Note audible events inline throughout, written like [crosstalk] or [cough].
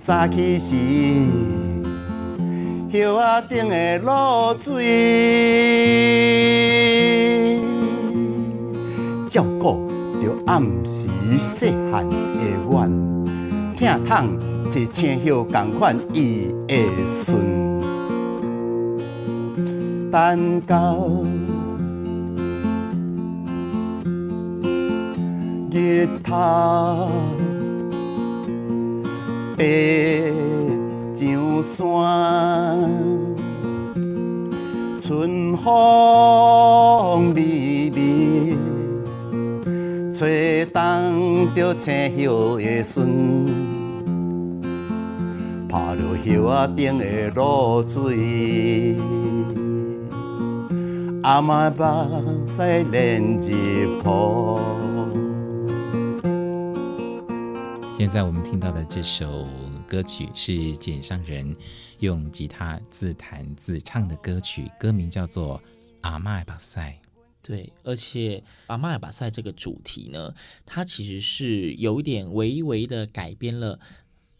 早起時，樹仔頂的露水，照顧着暗時細漢的阮，疼痛像青葉共款伊的順，等到日頭。爬上山，春風微微，吹動着青葉的唇，拍落葉仔頂的露水，阿媽目屎連珠滴。現在我們聽到的這首歌曲是簡上仁用吉他自彈自唱的歌曲，歌名叫做《阿麥巴塞》。對，而且《阿麥巴塞》這個主題呢，它其實是有一點微微的改編了。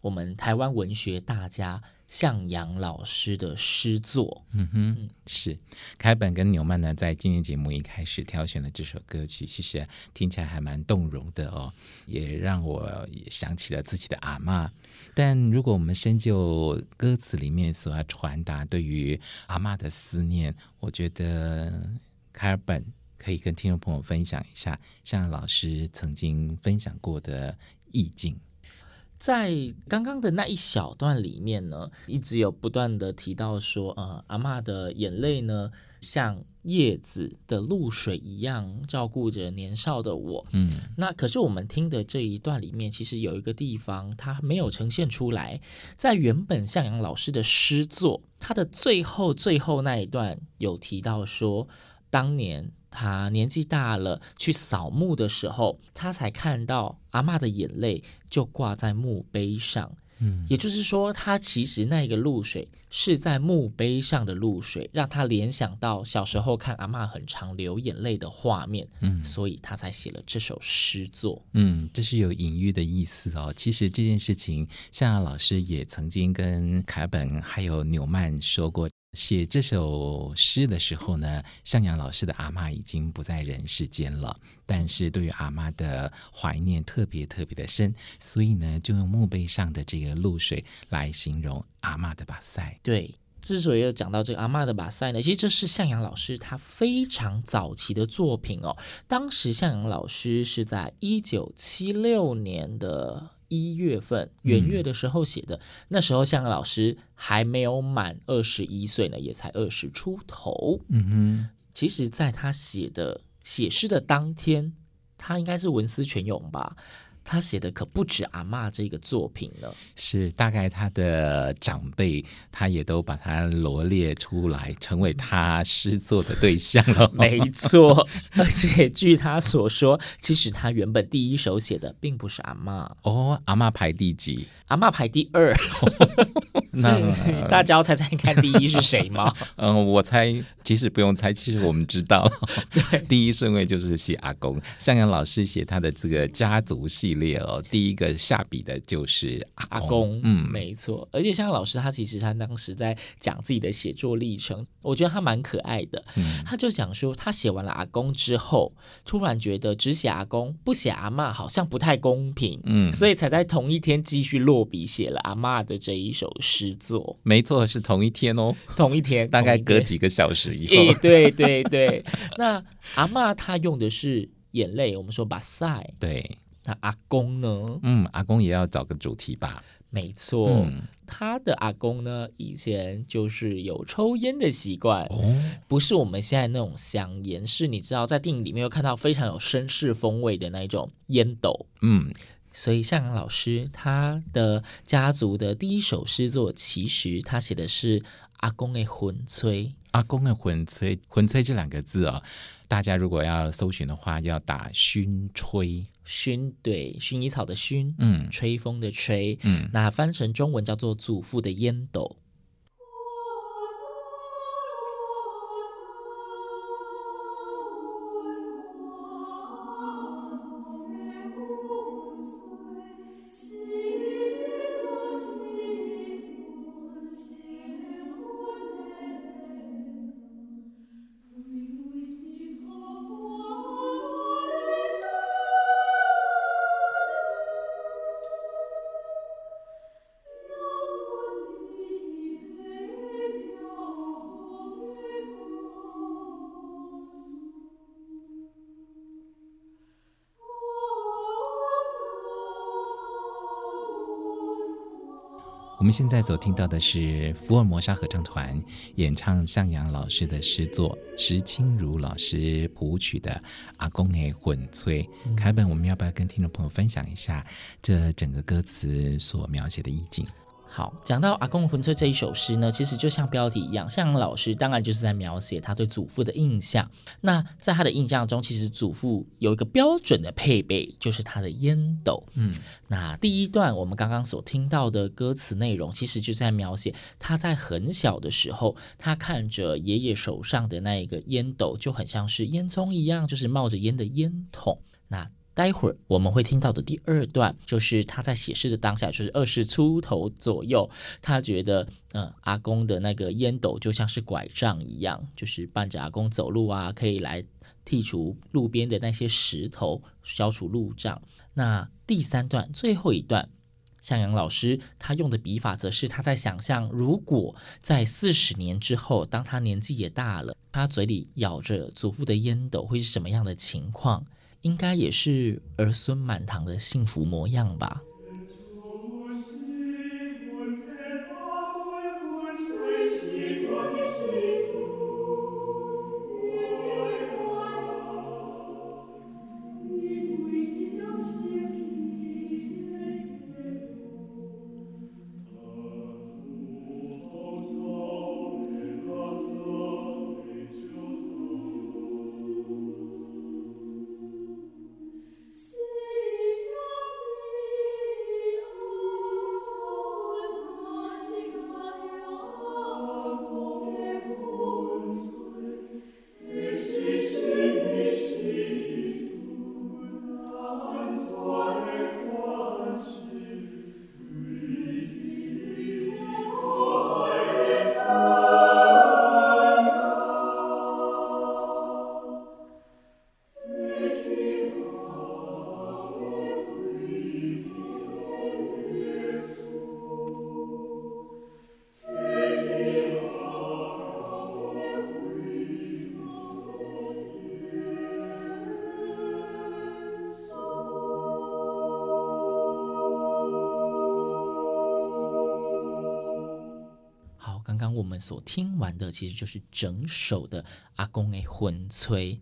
我們台灣文學大家向陽老師的詩作，嗯哼，是楷爾本跟紐曼呢，在今天節目一開始挑選了這首歌曲，其實聽起來還蠻動容的哦，也讓我也想起了自己的阿嬤。但如果我們深究歌詞裡面所要傳達對於阿嬤的思念，我覺得楷爾本可以跟聽眾朋友分享一下向陽老師曾經分享過的意境。在剛剛的那一小段裡面呢，一直有不斷地提到說，呃，阿嬤的眼淚呢，像葉子的露水一樣，照顧着年少的我。嗯，那可是我們聽的這一段裡面，其實有一個地方它沒有呈現出來，在原本向陽老師的詩作，他的最後最後那一段有提到說。當年他年紀大了，去掃墓的時候，他才看到阿嬤的眼淚就掛在墓碑上。嗯，也就是說，他其實那個露水是在墓碑上的露水，讓他聯想到小時候看阿嬤很常流眼淚的畫面。嗯，所以他才寫了這首詩作。嗯，這是有隱喻的意思哦。其實這件事情，向老師也曾經跟楷爾本還有紐曼說過，寫這首詩的時候呢，向陽老師的阿嬤已經不在人世間了，但是對於阿嬤的懷念特別特別的深，所以呢，就用墓碑上的這個露水來形容阿嬤的把塞。對，之所以要講到這個阿嬤的把塞呢，其實這是向陽老師他非常早期的作品哦。當時向陽老師是在一九七六年的，一月份元月的時候寫的，嗯、那時候向老師還沒有滿二十一歲呢，也才二十出頭。嗯哼，其實在他寫的寫詩的當天，他應該是文思泉湧吧。他寫的可不止《阿媽》這個作品呢，是大概他的長輩，他也都把他羅列出來，成為他詩作的對象了、哦。沒錯，而且據他所說，其實他原本第一首寫的並不是阿、哦《阿媽》哦，《阿媽》排第幾？《阿媽》排第二。哦、那 [laughs] 大家要猜猜看，第一是誰嗎？嗯，我猜，其實不用猜，其實我們知道，對第一順位就是寫阿公，向陽老師寫他的這個家族系列哦，第一個下筆的就是阿公，阿公嗯，沒錯。而且像老師他其實他當時在講自己的寫作歷程，我覺得他蠻可愛的。嗯，他就講說他寫完了阿公之後，突然覺得只寫阿公不寫阿嬤好像不太公平，嗯，所以才在同一天繼續落筆寫了阿嬤的這一首詩作。沒錯，是同一天哦，同一天， [laughs] 大概隔幾個小時以後。對對、哎、對，對對 [laughs] 那阿嬤她用的是眼淚，我們說把塞對。那阿公呢？嗯，阿公也要找個主題吧。沒錯，嗯、他的阿公呢，以前就是有抽煙的習慣，哦、不是我們現在那種香煙，是你知道，在電影裡面又看到非常有紳士風味的那種煙斗。嗯，所以向陽老師他的家族的第一首詩作，其實他寫的是阿公的薰吹。阿公的薰吹，薰吹這兩個字啊、哦，大家如果要搜尋的話，要打薰吹。薰，對薰衣草的薰，嗯，吹風的吹，嗯，那翻成中文叫做祖父的煙斗。我們現在所聽到的是福爾摩沙合唱團演唱向陽老師的詩作，石青如老師譜曲的《阿公的薰吹》。楷爾、嗯、本，我們要不要跟聽眾朋友分享一下這整個歌詞所描寫的意境？好，講到《阿公魂吹》這一首詩呢，其實就像標題一樣，向陽老師當然就是在描寫他對祖父的印象。那在他的印象中，其實祖父有一個標準的配備，就是他的菸斗。嗯，那第一段我們剛剛所聽到的歌詞內容，其實就是在描寫他在很小的時候，他看着爺爺手上的那一個菸斗，就很像是煙囪一樣，就是冒着煙的煙筒。那待會兒我們會聽到的第二段，就是他在寫詩的當下，就是二十出頭左右，他覺得，呃，阿公的那個煙斗就像是拐杖一樣，就是伴着阿公走路啊，可以來剔除路邊的那些石頭，消除路障。那第三段最後一段，向陽老師他用的筆法，則是他在想象，如果在四十年之後，當他年紀也大了，他嘴裡咬着祖父的煙斗，會是什麼樣的情況？應該也是兒孫滿堂的幸福模樣吧。我們所聽完的其實就是整首的《阿公的魂吹》。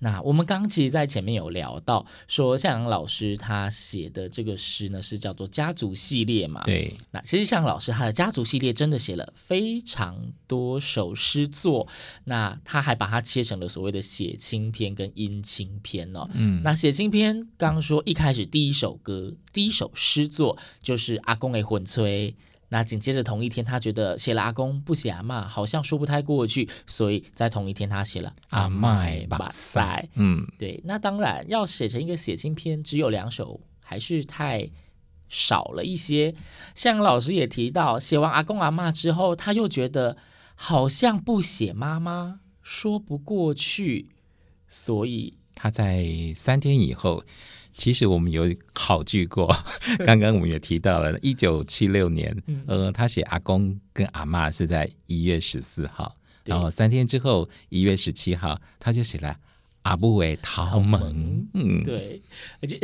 那我們剛剛其實，在前面有聊到說，向陽老師他寫的這個詩呢，是叫做家族系列嘛？對。那其實向陽老師他的家族系列真的寫了非常多首詩作。那他還把它切成了所謂的血親篇跟姻親篇哦。嗯。那血親篇，剛剛說一開始第一首歌、第一首詩作就是《阿公的魂吹》。那緊接着同一天，他覺得寫了阿公不寫阿媽，好像說不太過去，所以在同一天他寫了阿媽。哇塞，嗯，對。那當然要寫成一個寫親篇，只有兩首還是太少了一些。向陽老師也提到，寫完阿公阿媽之後，他又覺得好像不寫媽媽說不過去，所以他在三天以後。其實我們有考據過，剛剛我們也提到了一九七六年，呃，他寫阿公跟阿嬤是在一月十四號，對然後三天之後一月十七號他就寫了。阿不韋陶，陶蒙，對，而且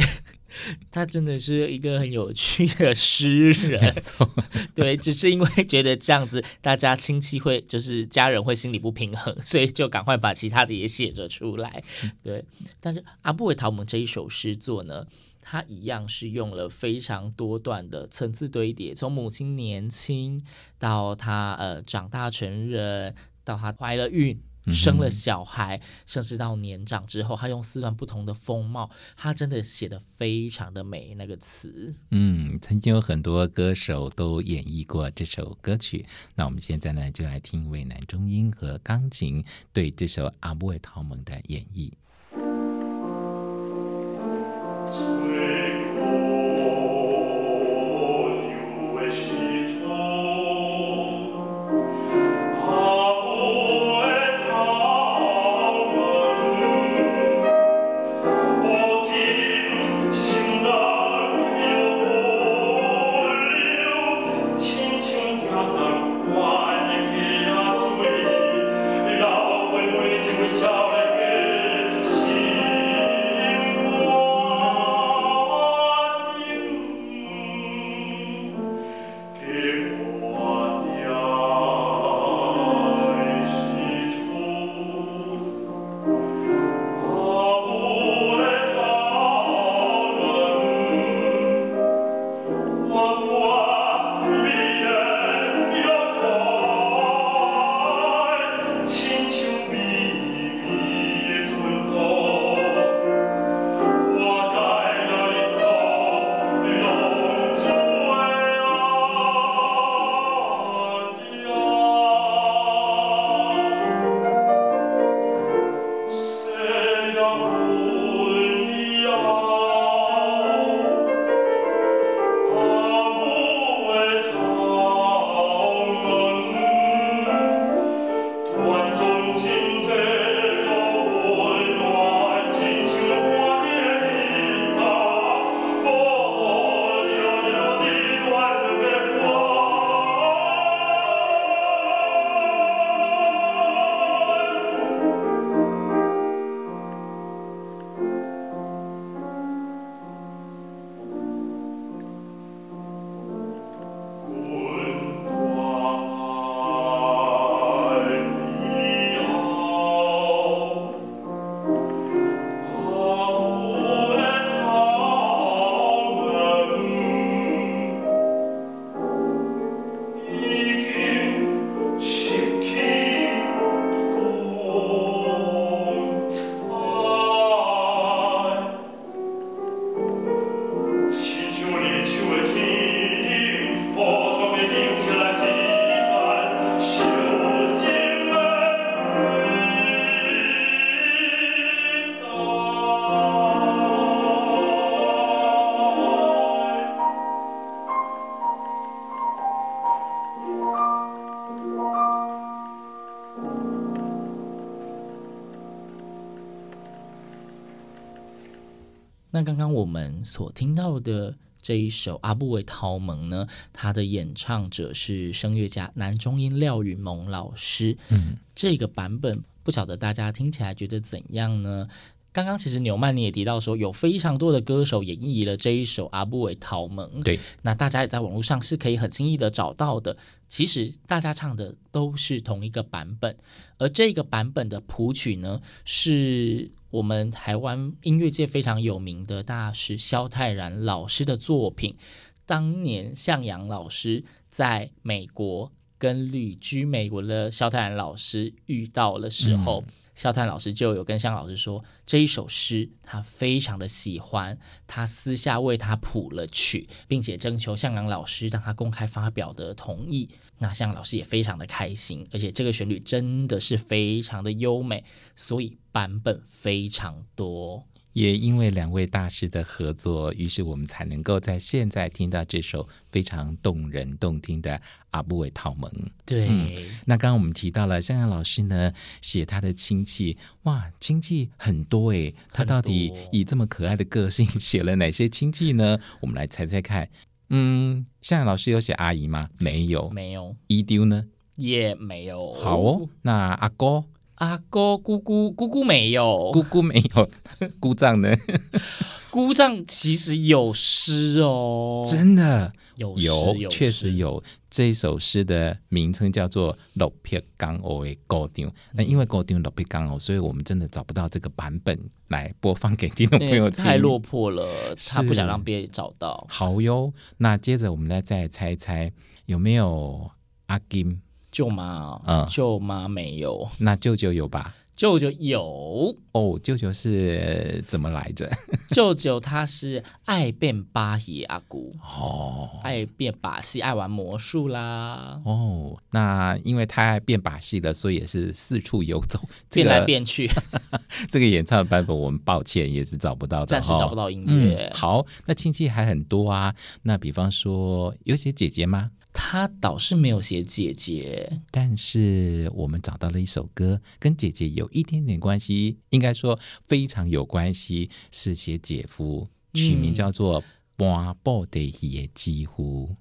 他真的是一個很有趣的詩人，沒錯 [laughs] 對，只是因為覺得這樣子，大家親戚會，就是家人會心裡不平衡，所以就趕快把其他的也寫着出來，嗯、對。但是阿不韋陶蒙這一首詩作呢，他一樣是用了非常多段的層次堆疊，從母親年輕到他呃長大成人，到他懷了孕。生了小孩，甚至到年長之後，他用四段不同的風貌，他真的寫的非常的美。那個詞，嗯，曾經有很多歌手都演繹過這首歌曲。那我們現在呢，就來聽一位男中音和鋼琴對這首《阿母的頭鬘》的演繹。那剛剛我們所聽到的這一首《阿布韋桃盟》，呢，它的演唱者，是聲樂家男中音廖允蒙老師。嗯，這個版本不曉得大家聽起來覺得怎樣呢？剛剛其實紐曼你也提到說，有非常多的歌手演繹了這一首《阿布韋桃盟》，對，那大家也在網絡上是可以很輕易的找到的。其實大家唱的都是同一個版本，而這個版本的譜曲呢是。我們台灣音樂界非常有名的大師蕭泰然老師的作品，當年向陽老師在美國，跟旅居美國的蕭泰然老師遇到了時候，蕭、嗯、泰然老師就有跟向老師說，這一首詩他非常的喜歡，他私下為他譜了曲，並且徵求向陽老師讓他公開發表的同意。那向老師也非常的開心，而且這個旋律真的是非常的優美，所以版本非常多。也因為兩位大師的合作，於是我們才能夠在現在聽到這首非常動人動聽的《阿布韋套蒙》。對、嗯，那剛剛我們提到了向陽老師呢，寫他的親戚，哇，親戚很多哎，多他到底以這麼可愛的個性寫了哪些親戚呢？對我們來猜猜看。嗯，向陽老師有寫阿姨嗎？沒有，沒有。姨丟呢？也、yeah, 沒有。好、哦，那阿哥。阿哥、姑姑、姑姑沒有，姑姑沒有，姑丈呢？姑丈 [laughs] 其實有詩哦，真的有，詩有，有詩確實有。這首詩的名稱叫做《落魄江鷗的歌調》，那、嗯、因為歌調落魄江鷗，所以我們真的找不到這個版本來播放給聽眾朋友聽、嗯。太落魄了，是他不想讓別人找到。好喲，那接着我們再來再猜猜，有沒有阿金？舅媽啊，嗯、舅媽沒有，那舅舅有吧？舅舅有哦，舅舅是怎麼來着？ [laughs] 舅舅他是愛變把戲，阿姑哦，愛變把戲，愛玩魔術啦哦。那因為太愛變把戲了，所以也是四處遊走，這個、變來變去。 [laughs] 這個演唱的版本，我們抱歉也是找不到，暫時找不到音樂、哦嗯。好，那親戚還很多啊。那比方說，有寫姐姐嗎？他倒是沒有寫姐姐，但是我們找到了一首歌，跟姐姐有一點點關係，應該說非常有關係，是寫姐夫，取、嗯、名叫做《巴布的野幾乎》。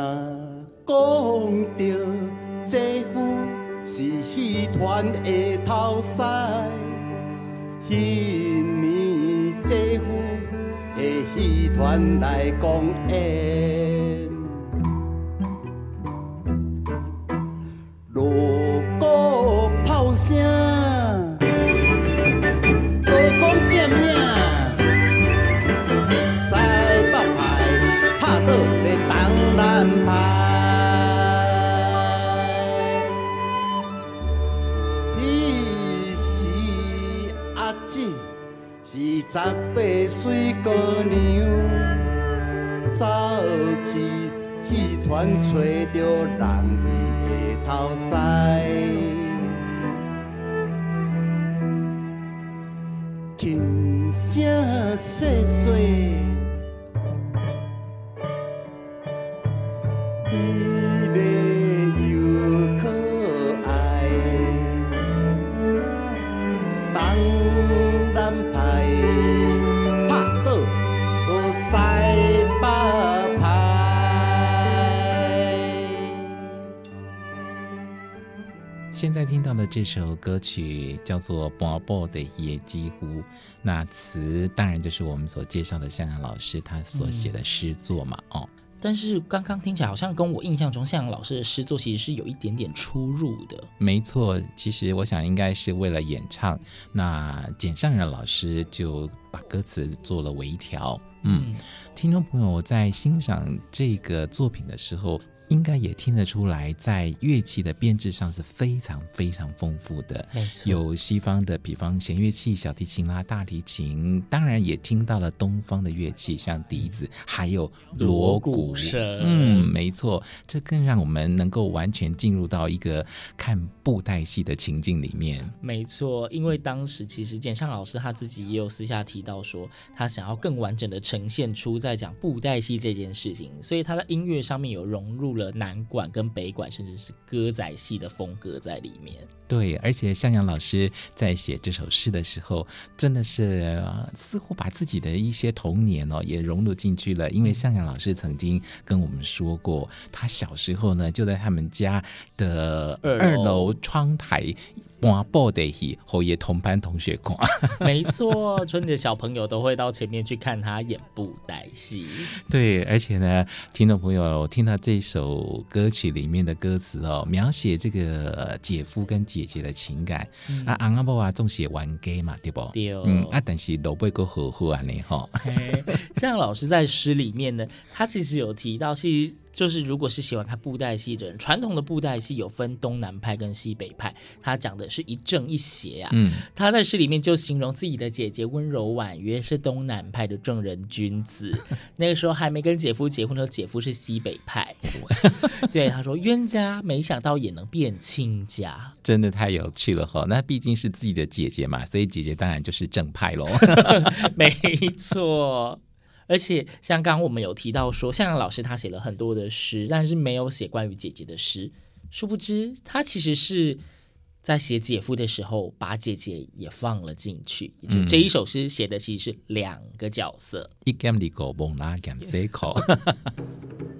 若講到姐夫是戲團的頭西，彼年姐夫的戲團來講走去戲團找着人兒的頭婿，輕聲這首歌曲叫做《薄薄的夜幾乎》，那詞當然就是我們所介紹的向陽老師他所寫的詩作嘛。哦、嗯，但是剛剛聽起來好像跟我印象中向陽老師的詩作其實是有一點點出入的。沒錯，其實我想應該是為了演唱，那簡上仁老師就把歌詞做了微調。嗯，嗯，聽眾朋友在欣賞這個作品的時候。應該也聽得出來，在樂器的編制上是非常非常豐富的，沒錯，有西方的，比方弦樂器，小提琴啦、大提琴，當然也聽到了東方的樂器，像笛子，還有鑼鼓聲。嗯，沒錯，這更讓我們能夠完全進入到一個看布袋戲的情境裡面。沒錯，因為當時其實簡上老師他自己也有私下提到說，他想要更完整的呈現出在講布袋戲這件事情，所以他的音樂上面有融入了。南管跟北管，甚至是歌仔戲的風格在裡面。對，而且向陽老師在寫這首詩的時候，真的是、啊、似乎把自己的一些童年哦也融入進去了。因為向陽老師曾經跟我們說過，他小時候呢就在他們家的二樓窗台演布袋戲給他的同班同學看。沒錯， [laughs] 村裡的小朋友都會到前面去看他演布袋戲。對，而且呢，聽眾朋友聽到這首歌曲裡面的歌詞哦，描寫這個姐夫跟姐。姐姐的情感、嗯、啊，阿伯伯啊總是玩梗嘛，對不對？對、哦、嗯，啊，但是都不會夠好好啊，你吼。Okay, 像老師在詩裡面呢，他其實有提到，其實。就是，如果是喜歡看布袋戲的人，傳統的布袋戲有分東南派跟西北派，他講的是一正一邪呀，啊。嗯，他在詩裡面就形容自己的姐姐溫柔婉約，是東南派的正人君子。那個時候還沒跟姐夫結婚的時候，姐夫是西北派。對，他說冤家沒想到也能變親家，真的太有趣了哈。那畢竟是自己的姐姐嘛，所以姐姐當然就是正派嘍。 [laughs] 沒錯。而且，像剛剛我們有提到說，向老師他寫了很多的詩，但是沒有寫關於姐姐的詩。殊不知，他其實是在寫姐夫的時候，把姐姐也放了進去。嗯，就這一首詩寫的其實是兩個角色。嗯 [noise] [noise]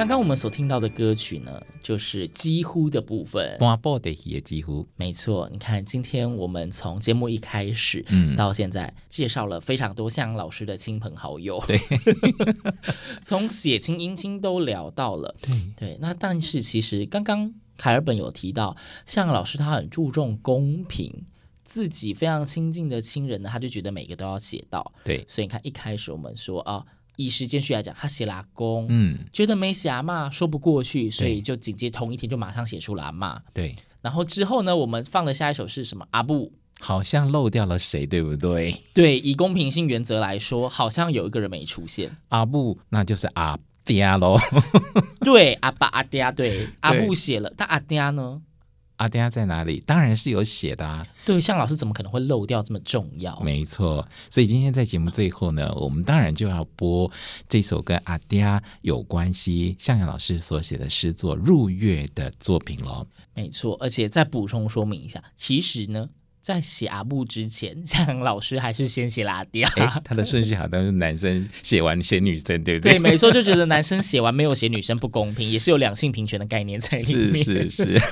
剛剛我們所聽到的歌曲呢，就是幾乎的部分。的也幾乎。沒錯，你看，今天我們從節目一開始到現在，嗯、介紹了非常多向老師的親朋好友。對， [laughs] 從血親姻親都聊到了。對，對，那但是其實剛剛凱爾本有提到，向老師他很注重公平，自己非常親近的親人呢，他就覺得每個都要寫到。對，所以你看一開始我們說啊。哦以時間序來講，他寫了阿公，嗯，覺得沒寫阿媽說不過去，所以就緊接同一天就馬上寫出了阿嬤。對，然後之後呢，我們放的下一首是什麼？阿布好像漏掉了誰，對不對？對，以公平性原則來說，好像有一個人沒出現。阿布那就是阿爹咯，對，阿爸阿爹，對，對阿布寫了，但阿爹呢？阿爹啊在哪裡？當然是有寫的。啊。對，向老師怎麼可能會漏掉這麼重要？沒錯，所以今天在節目最後呢，嗯、我們當然就要播這首跟阿爹啊有關係，向陽老師所寫的詩作入樂的作品了。沒錯，而且再補充說明一下，其實呢，在寫阿母之前，向陽老師還是先寫了阿爹啊、欸。他的順序好像是男生寫完寫女生，對不對？對，沒錯，就覺得男生寫完沒有寫女生不公平， [laughs] 也是有兩性平權的概念在裡面。是是是。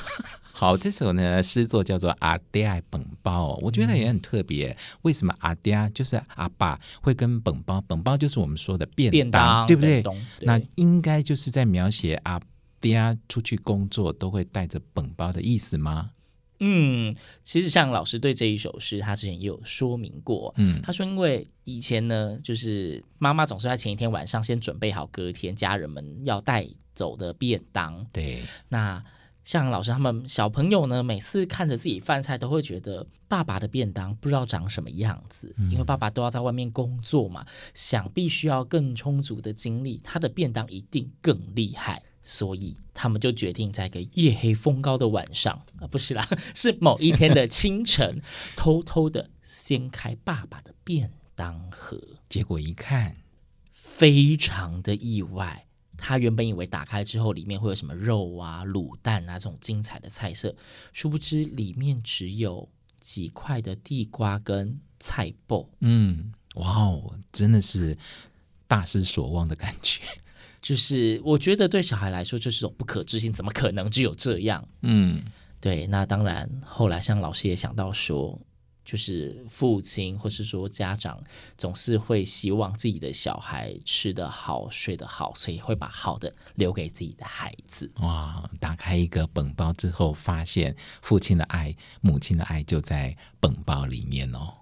好，這首呢詩作叫做阿爹本包，我覺得也很特別。嗯，為什麼阿爹就是阿爸會跟本包？本包就是我們說的便當，便當對不對？對，那應該就是在描寫阿爹出去工作都會帶着本包的意思嗎？嗯，其實像老師對這一首詩，他之前也有說明過。嗯，他說，因為以前呢，就是媽媽總是在前一天晚上先準備好隔天家人們要帶走的便當。對，那。像老師他們小朋友呢，每次看着自己飯菜，都會覺得爸爸的便當不知道長什麼樣子，嗯，因為爸爸都要在外面工作嘛，想必需要更充足的精力，他的便當一定更厲害。所以他們就決定在一個夜黑風高的晚上啊，不是啦，是某一天的清晨， [laughs] 偷偷的掀開爸爸的便當盒，結果一看，非常的意外。他原本以為打開之後，裡面會有什麼肉啊、滷蛋啊這種精彩的菜色，殊不知裡面只有幾塊的地瓜跟菜脯。嗯，哇哦，真的是大失所望的感覺。就是我覺得對小孩來說就是種不可置信，怎麼可能只有這樣？嗯，對。那當然，後來像老師也想到說。就是父親，或是說家長，總是會希望自己的小孩吃得好、睡得好，所以會把好的留給自己的孩子。哇！打開一個本包之後，發現父親的愛、母親的愛就在本包裡面哦。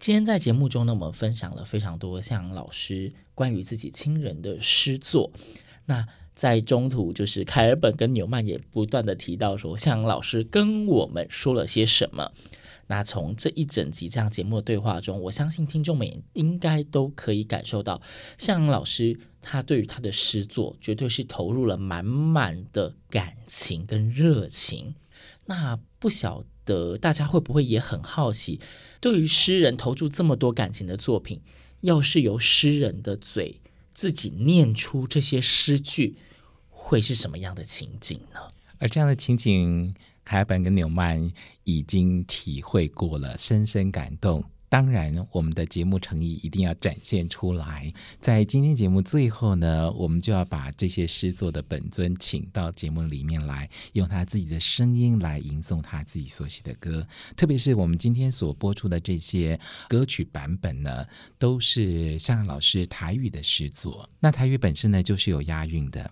今天在節目中呢，我們分享了非常多向陽老師關於自己親人的詩作。那在中途，就是楷爾本跟紐曼也不斷的提到說，向陽老師跟我們說了些什麼。那從這一整集這樣節目的對話中，我相信聽眾們也應該都可以感受到，向陽老師他對於他的詩作絕對是投入了滿滿的感情跟熱情。那不曉得大家會不會也很好奇，對於詩人投注這麼多感情的作品，要是由詩人的嘴自己念出這些詩句，會是什麼樣的情景呢？而這樣的情景，楷爾本跟紐曼。已經體會過了，深深感動。當然，我們的節目誠意一定要展現出來。在今天節目最後呢，我們就要把這些詩作的本尊請到節目裡面來，用他自己的聲音來吟誦他自己所寫的歌。特別是我們今天所播出的這些歌曲版本呢，都是向老師台語的詩作。那台語本身呢，就是有押韻的。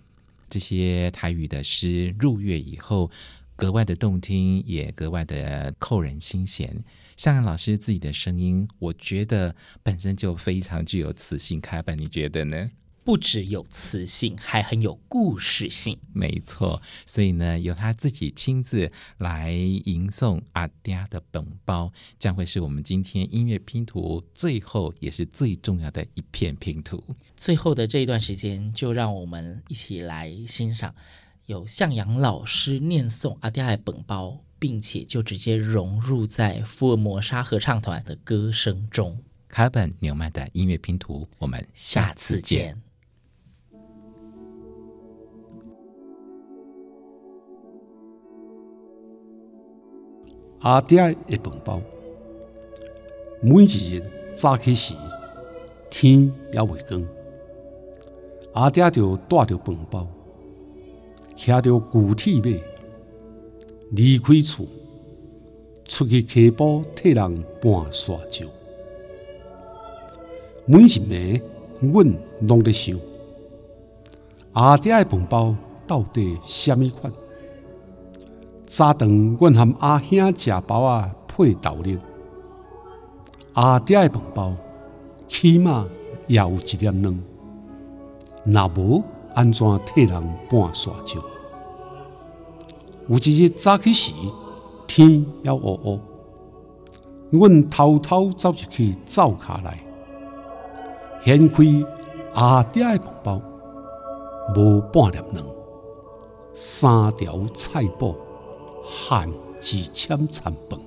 這些台語的詩入樂以後，格外的動聽，也格外的扣人心弦。向陽老師自己的聲音，我覺得本身就非常具有磁性，楷爾本，你覺得呢？不只有磁性，還很有故事性。沒錯，所以呢，由他自己親自來吟誦《阿爹的飯包》，將會是我們今天音樂拼圖最後也是最重要的一片拼圖。最後的這一段時間，就讓我們一起來欣賞。由向陽老師念誦阿爹的飯包，並且就直接融入在福爾摩沙合唱團的歌聲中。楷爾本與紐曼的音樂拼圖，我們下次見。次見阿爹的飯包，每日早起時天也未光，阿爹就帶着飯包。騎着舊鐵馬，離開厝，出去溪埔替人搬沙石。每一暝，阮攏、啊、在想：阿爹的飯包到底蝦米款？早頓，阮和阿兄食包啊配豆奶。阿、啊、爹的飯包起碼也有一粒卵，若無？安怎替人搬砂石？有一日早起時，天要烏烏，阮偷偷走入去灶卡內，掀開阿爹的布包，無半粒卵，三條菜脯，鹹一簽餐飯。